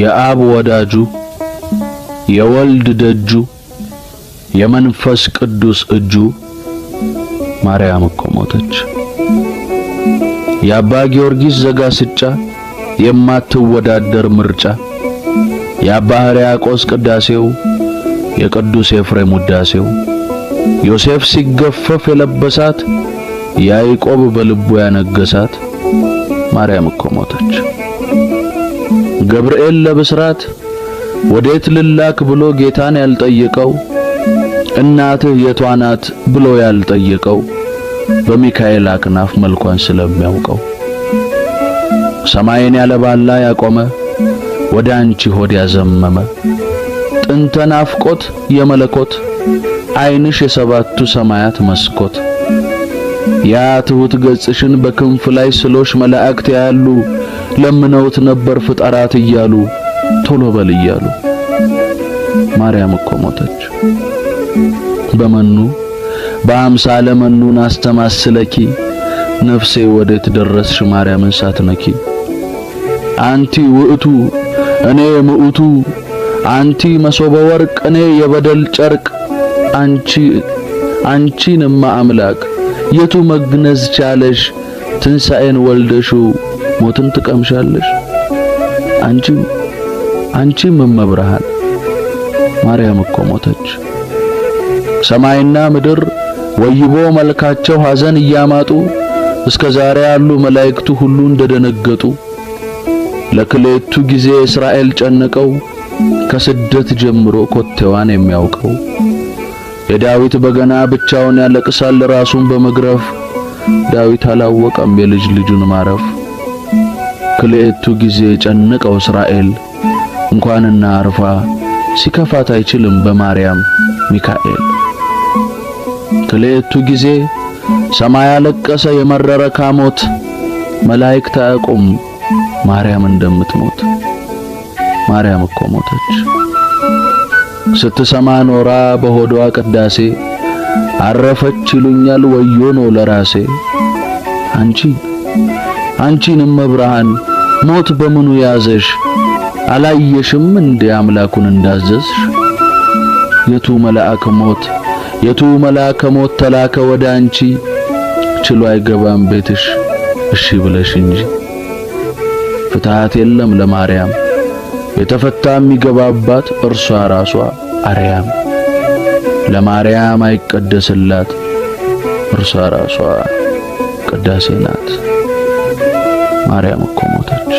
የአብ ወዳጁ የወልድ ደጁ የመንፈስ ቅዱስ እጁ ማርያም እኮ ሞተች። የአባ ጊዮርጊስ ዘጋ ስጫ የማትወዳደር ምርጫ የአባ ሕርያቆስ ቅዳሴው የቅዱስ ኤፍሬም ውዳሴው ዮሴፍ ሲገፈፍ የለበሳት ያዕቆብ በልቡ ያነገሳት ማርያም እኮ ሞተች። ገብርኤል ለብስራት ወዴት ልላክ ብሎ ጌታን ያልጠየቀው እናትህ የቷ ናት ብሎ ያልጠየቀው በሚካኤል አክናፍ መልኳን ስለሚያውቀው ሰማይን ያለ ባላ ያቆመ ወደ አንቺ ሆድ ያዘመመ ጥንተ ናፍቆት የመለኮት ዓይንሽ የሰባቱ ሰማያት መስኮት ያ ትሁት ገጽሽን በክንፍ ላይ ስሎሽ መላእክት ያሉ ለምነውት ነበር ፍጠራት እያሉ ቶሎ በል እያሉ። ማርያም እኮ ሞተች። በመኑ በአምሳለ መኑን አስተማስለኪ ነፍሴ ወዴት ደረስሽ ማርያምን ሳትነኪ። አንቲ ውእቱ እኔ ምዑቱ፣ አንቲ መሶበ ወርቅ እኔ የበደል ጨርቅ፣ አንቺ አንቺንማ አምላክ የቱ መግነዝ ቻለሽ? ትንሣኤን ወልደሹ ሞትን ትቀምሻለሽ። አንቺም አንቺም እመብርሃን ማርያም እኮ ሞተች። ሰማይና ምድር ወይቦ መልካቸው ሐዘን እያማጡ እስከ ዛሬ ያሉ መላእክቱ ሁሉ እንደደነገጡ ለክሌቱ ጊዜ እስራኤል ጨነቀው ከስደት ጀምሮ ኮቴዋን የሚያውቀው የዳዊት በገና ብቻውን ያለቅሳል ራሱን በመግረፍ ዳዊት አላወቀም የልጅ ልጁን ማረፍ። ክልኤቱ ጊዜ ጨነቀው እስራኤል እንኳንና አርፋ ሲከፋት አይችልም በማርያም ሚካኤል። ክልኤቱ ጊዜ ሰማይ አለቀሰ የመረረ ካሞት መላእክት አያውቁም ማርያም እንደምትሞት ማርያም እኮ ሞተች። ስትሰማ ኖራ በሆዷ ቅዳሴ አረፈች ይሉኛል ወዮ ነው ለራሴ አንቺ አንቺንም ብርሃን ሞት በምኑ ያዘሽ አላየሽም እንደ አምላኩን እንዳዘዝሽ የቱ መልአክ ሞት የቱ መልአከ ሞት ተላከ ወደ አንቺ ችሎ አይገባም ቤትሽ እሺ ብለሽ እንጂ ፍትሃት የለም ለማርያም የተፈታ የሚገባባት እርሷ ራሷ አርያም ለማርያም አይቀደስላት እርሷ ራሷ ቅዳሴ ናት። ማርያም እኮ ሞተች።